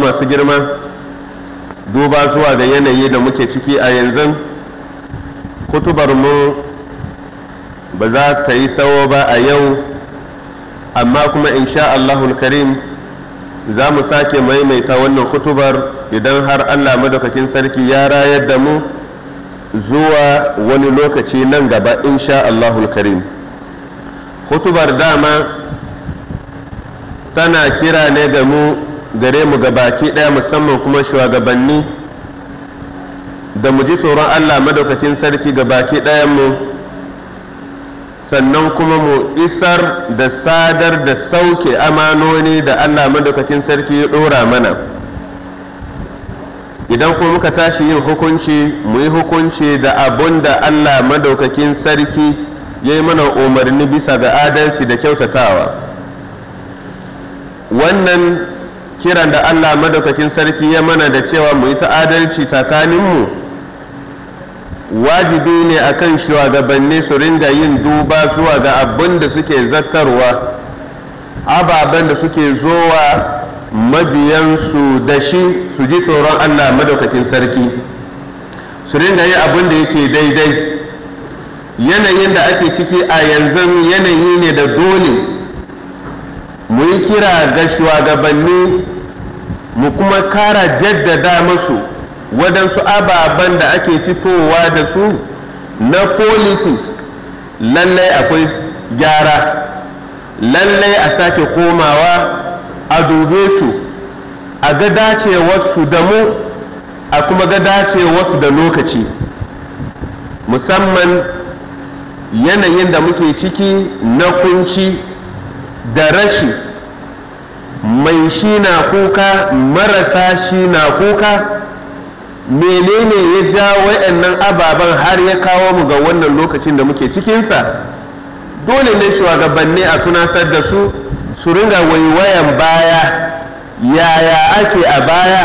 uwa masu girma duba zuwa da yanayi da muke ciki a yanzu kutubarmu ba za ta yi tsawo ba a yau amma kuma insha Allahul karim za mu sake maimaita wannan kutubar idan har Allah madaukakin sarki ya rayar da mu zuwa wani lokaci nan gaba insha Allahul karim kutubar dama tana kira ne ga mu gare mu baki ɗaya musamman kuma shugabanni da mu ji tsoron Allah madaukakin sarki gabaki ɗayan mu sannan kuma mu isar da sadar da sauke amanoni da Allah madaukakin sarki ya ɗora mana idan kuma muka tashi yin hukunci mu yi hukunci da abun da Allah madaukakin sarki ya yi mana umarni bisa ga adalci da kyautatawa wannan kiran da Allah madaukakin sarki ya mana da cewa mu yi ta adalci tsakaninmu wajibi ne a akan shugabanni su ringa yin duba zuwa ga abin da suke zattarwa ababen da suke zowa mabiyansu da shi su ji tsoron Allah madaukakin sarki su ringa yi abin da yake daidai yanayin da ake ciki a yanzu yanayi ne da dole mu yi kira ga shugabanni mu kuma kara jaddada masu waɗansu ababen da ake fitowa da su na policies lallai akwai gyara lallai a sake komawa a dube su a ga dacewarsu da mu a kuma ga dacewarsu da lokaci musamman yanayin da muke ciki na kunci da rashi mai shi na kuka marasa shi na kuka menene ya ja waɗannan ababen har ya kawo mu ga wannan lokacin da muke cikinsa dole ne shugabanni a tunasar da su su ringa waiwayan baya yaya ake a baya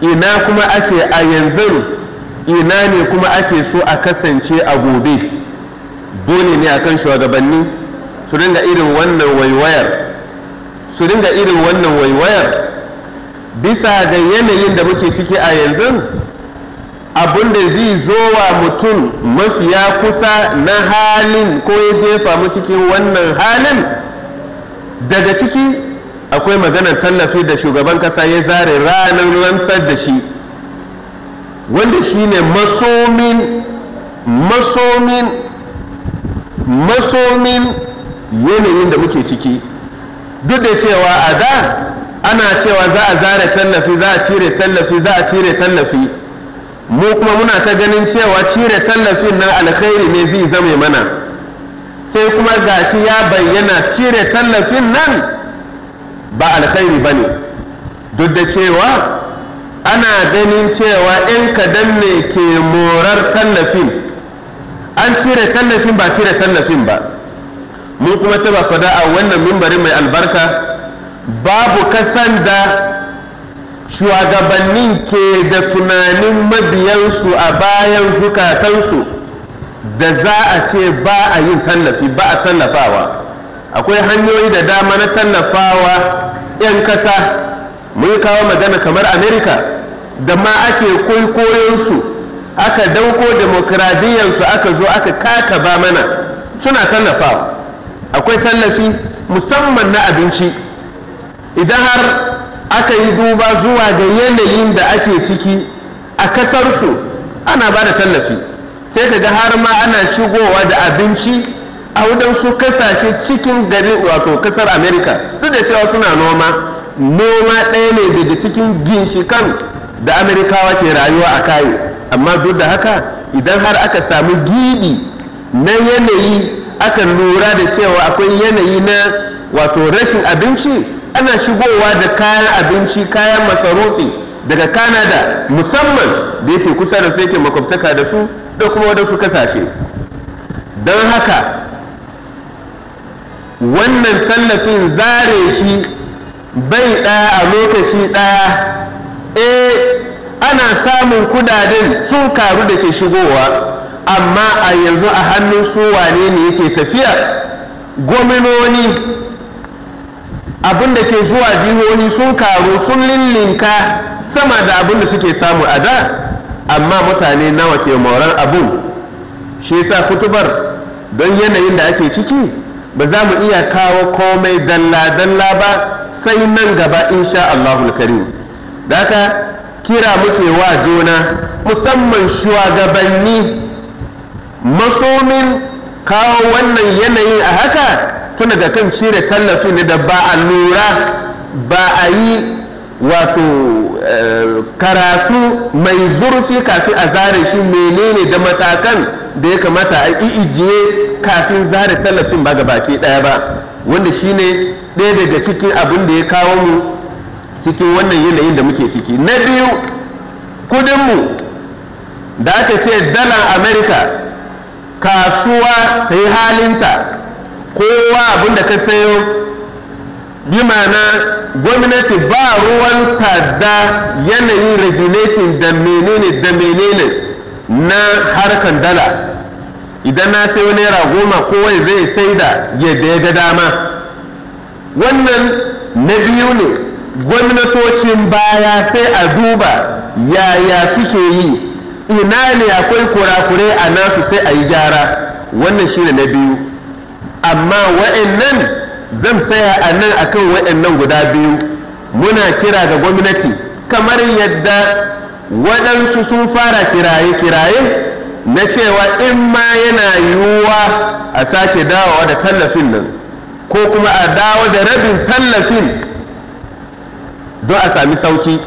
ina kuma ake a yanzu ina ne kuma ake so a kasance a gobe dole ne a akan shugabanni su ringa irin wannan waiwayar su dinga irin wannan waiwayar bisa ga yanayin da muke ciki a yanzu abin da zai zo wa mutum mafiya kusa na halin ko ya jefa mu cikin wannan halin daga ciki akwai maganar tallafi da shugaban kasa ya zare ranar rantsar da shi wanda shi ne masomin masomin masomin yanayin da muke ciki duk da cewa a da ana cewa za a zare tallafi za a cire tallafi za a cire tallafi mu kuma muna ta ganin cewa cire tallafin nan alkhairi ne zai zame mana sai kuma gashi ya bayyana cire tallafin nan ba alkhairi ba ne duk da cewa ana ganin cewa 'yan kadan ne ke morar tallafin an cire tallafin ba cire tallafin ba mu kuma taba fada a wannan mimbari mai albarka babu kasan da shugabannin ke da tunanin mabiyansu a bayan zukatansu da za a ce ba a yin tallafi ba a tallafawa akwai hanyoyi da dama na tallafawa 'yan kasa mun kawo magana kamar amerika da ma ake kwaikwayon aka dauko demokradiyyarsu aka zo aka kaka ba mana suna tallafawa akwai tallafi musamman na abinci idan har aka yi duba zuwa ga yanayin da ake ciki a kasarsu ana ba da tallafi sai ka ga har ma ana shigowa da abinci a wadansu kasashe cikin gari wato kasar Amerika. duk da cewa suna noma noma ɗaya ne daga cikin ginshikan da amerikawa ke rayuwa a kayo amma duk da haka idan har aka samu gidi na yanayi Akan lura da cewa akwai yanayi na wato rashin abinci ana shigowa da kayan abinci kayan masarufi daga kanada musamman da yake kusa da su yake makwabtaka da su da kuma wadansu kasashe don haka wannan tallafin zare shi bai ɗaya a lokaci ɗaya eh ana samun kudaden sun karu da ke shigowa amma a yanzu a hannun su wane ne yake tafiya gwamnoni abin ke zuwa jihohi sun karu sun lillinka sama da abin da suke samu a da amma mutane nawa ke morar abin shi yasa kutubar don yanayin da ake ciki ba za mu iya kawo komai dalla-dalla ba sai nan gaba insha Allahul karim da haka kira muke wa juna musamman shugabanni masomin kawo wannan yanayin a haka tun ga kan cire tallafi ne da ba a lura ba a yi wato eh, karatu mai zurfi kafin a zare shi menene da matakan da ya kamata a ijiye kafin zare tallafin ba ga baki daya ba wanda shine ɗaya daga cikin abin da ya kawo mu cikin wannan yanayin da muke ciki na biyu kudinmu da aka ce dalar america kasuwa ta yi halinta kowa abin da ka sayo bi ma'ana gwamnati ba ruwan tada yanayin regulatin da menene da menene na harkan dala idan na sayo naira goma kowai zai sai da yadda ya ga dama wannan na biyu ne gwamnatocin baya sai a duba yaya suke yi ina ne akwai kurakure a nasu sai a yi gyara wannan shi ne na biyu amma wa'annan zan tsaya a nan akan wa'annan guda biyu muna kira ga gwamnati kamar yadda waɗansu sun fara kiraye-kiraye na cewa in ma yana yiwuwa a sake dawowa da tallafin nan ko kuma a dawo da rabin tallafin don a sami sauki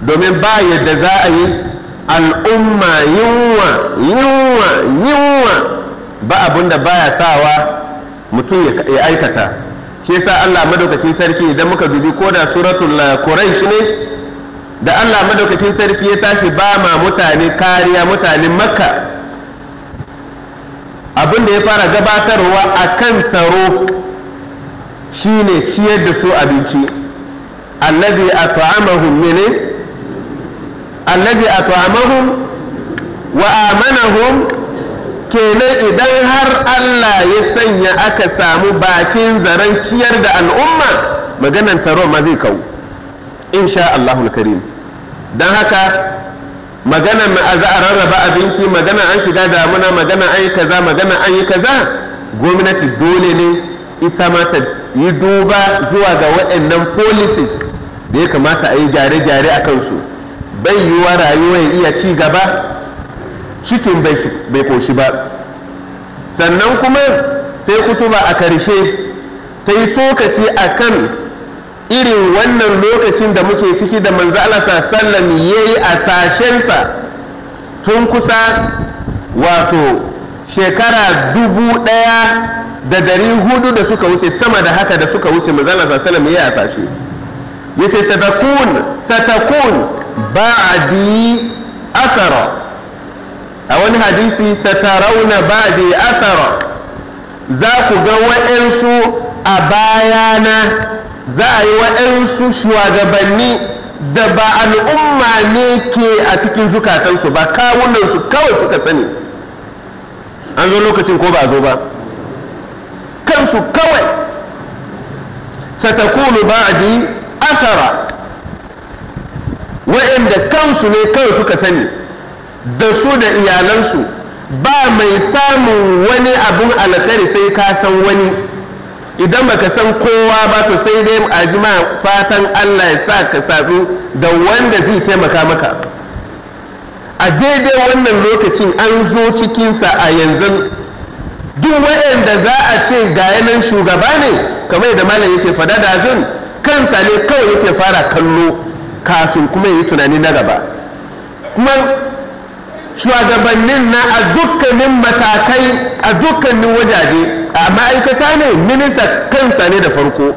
domin ba yadda za a yi al'umma yunwa yunwa yunwa ba abun da baya sawa mutum ya aikata shi yasa Allah madaukakin sarki idan muka dubi ko da suratul eh, quraish ne da Allah madaukakin sarki ya tashi ba ma mutane kariya mutane makka abin da ya fara gabatarwa a kan tsaro shine ciyar da su abinci allazi at'amahum minin alladhi at'amahum wa amanahum kenan idan har Allah ya sanya aka samu bakin zaren ciyar da al'umma maganan taron ma zai kawo insha Allahul karim don haka magana a za a rarraba abinci magana an shiga damuna magana an yi kaza magana an yi kaza gwamnati dole ne ita mata yi duba zuwa ga waɗannan policies da ya kamata a yi gyare-gyare a kansu bai yiwa rayuwa ya iya ci gaba cikin bai koshi ba sannan kuma sai kutuba a karshe ta yi tsokaci a kan irin wannan lokacin da muke ciki da manzo Allah sallam ya yi a sashensa tun kusa wato shekara dubu ɗaya da dari hudu da suka wuce sama da haka da suka wuce manzo ya yi a sashe ce satakun satakun ba'di athara a wani hadisi satarauna ba'di athara za ku ga waɗansu a bayana za a yi waɗansu shugabanni da ba al'umma ne ke a cikin zukatansu ba kawunansu kawai suka sani an zo lokacin ko ba zo ba kansu kawai satakulu ba'di athara wa'anda kansu ne kawai suka sani da su da iyalansu ba mai samun wani abin alkhairi sai ka san wani idan baka san kowa ba to sai dai a jima fatan Allah ya sa ka sabu da wanda zai taimaka maka a daidai wannan lokacin an zo cikinsa a yanzu duk wa'inda za a ce ga yanan shugaba ne kamar da malam yake fada da kansa ne kawai yake fara kallo kafin kuma yi tunani na gaba kuma shugabannin na a dukkanin matakai a dukkanin wajaje a ma'aikata ne minista kansa ne da farko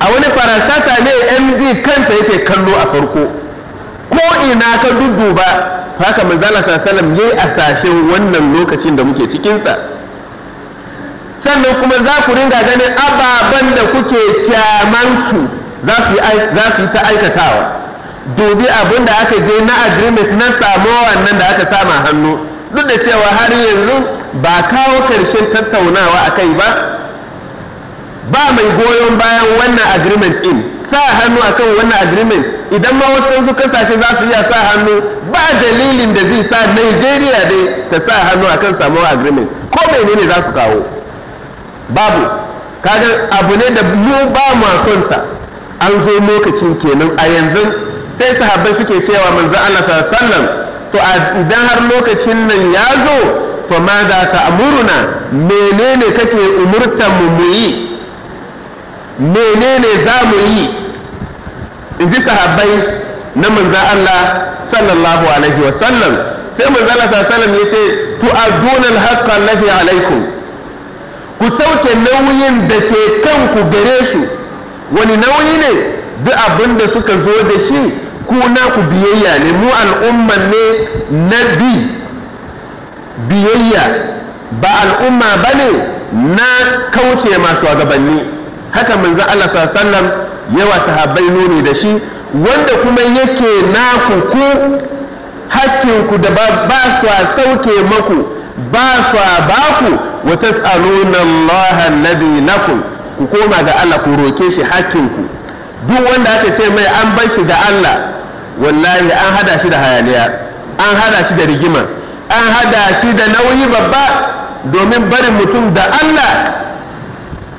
a wani farasata ne md kansa yake kallo a farko ko ina ka dudduba haka manzala sallam yayi asashen wannan lokacin da muke cikinsa sannan kuma za ku ringa ganin ababen da kuke kyamansu za su yi ta aikatawa dubi abin da aka je na agreement na samu nan da aka sama hannu duk da cewa har yanzu ba kawo karshen tattaunawa a kai ba ba mai goyon bayan wannan agreement in sa hannu akan wannan agreement idan ma wasu kasashe za su iya sa hannu ba dalilin da zai sa nigeria dai ta sa hannu akan samuwa agreement ko menene za su kawo babu kaga abu ne da mu ba mu sa an zo lokacin kenan a yanzu sai sahabbai suke cewa manzo Allah sallam to idan har lokacin nan ya zo fa ma da ta amuruna menene kake umurtan mu mu yi menene za mu yi in ji sahabbai na manzo Allah sallallahu alaihi wa sallam sai manzo Allah sallallahu alaihi ya ce tu al-haqqa alladhi alaikum ku sauke nauyin da ke kanku gare su wani nauyi ne duk abin da suka zo da shi ku na ku biyayya ne mu al'umma ne na bi biyayya ba al'umma ba ne na kauce masu gabanni haka manzo Allah sallam yawa sahabbai nuni da shi wanda kuma yake na ku ku da ba su sauke maku ba su baku wa tas'aluna Allah lakum ku koma ga Allah ku roke shi hakkinku duk wanda aka ce mai an bar shi da Allah wallahi an hada shi da hayaniya an hada shi da rigima an hada shi da nauyi babba domin barin mutum da Allah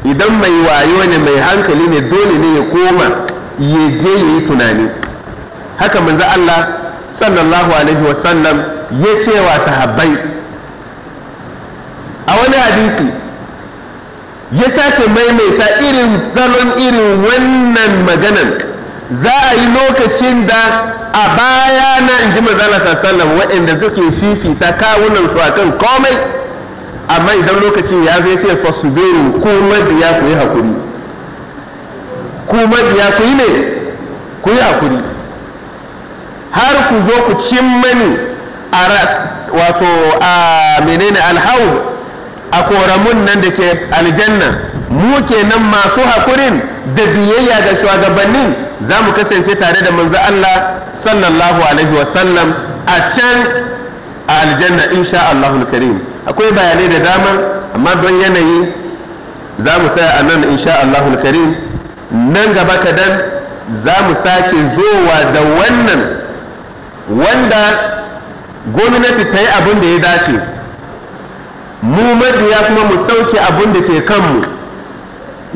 idan mai wayo ne mai hankali ne dole ne ya koma ya je ya yi tunani haka manzo Allah sallallahu alaihi wasallam ya ce wa sahabbai a wani hadisi ya sake maimaita irin salon irin wannan maganan za a yi lokacin da a baya na in ji manzala waɗanda suke fifita kawunan su akan komai amma idan lokacin ya zai ce beru ko mabiya ku yi hakuri ku mabiya ku yi ne ku yi hakuri har ku zo ku cin mani a wato a menene alhawar a koramun nan da ke aljanna mu kenan masu hakurin da biyayya ga shugabannin za mu kasance tare da manzo Allah sallallahu alaihi wa sallam a can a aljanna insha Allah karim akwai bayanai da dama amma don yanayi za mu tsaya a nan insha Allah karim nan gaba kadan za mu sake zowa da wannan wanda gwamnati ta yi abin da ya dace mu ya kuma mu sauke abin da ke kanmu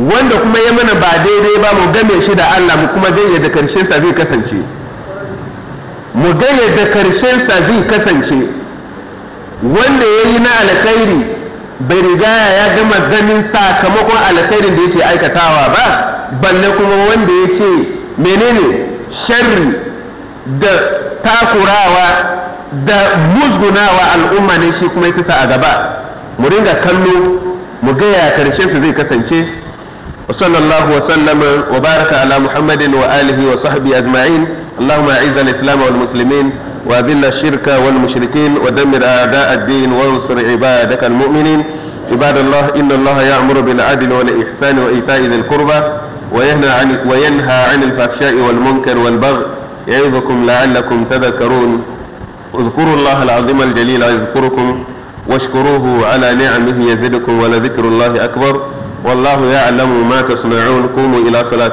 wanda kuma ya mana ba daidai ba mu game shi da Allah mu kuma ganye da karshen sa zai kasance mu gane da karshen sa zai kasance wanda ya yi na alkhairi bai riga ya gama ganin sakamakon alkhairin da yake aikatawa ba balle kuma wanda ya ce menene sharri da takurawa da musgunawa al'umma ne shi kuma ya tisa a gaba muringa kallo mu ga ya karshen zai kasance وصلى الله وسلم وبارك على محمد وآله وصحبه أجمعين اللهم أعز الإسلام والمسلمين وأذل الشرك والمشركين ودمر أعداء الدين وانصر عبادك المؤمنين عباد الله إن الله يأمر بالعدل والإحسان وإيتاء ذي القربى وينهى عن, وينهى عن الفحشاء والمنكر والبغي يعظكم لعلكم تذكرون اذكروا الله العظيم الجليل يذكركم واشكروه على نعمه يزدكم ولذكر الله أكبر والله يعلم ما تصنعون قوموا إلى صلاتكم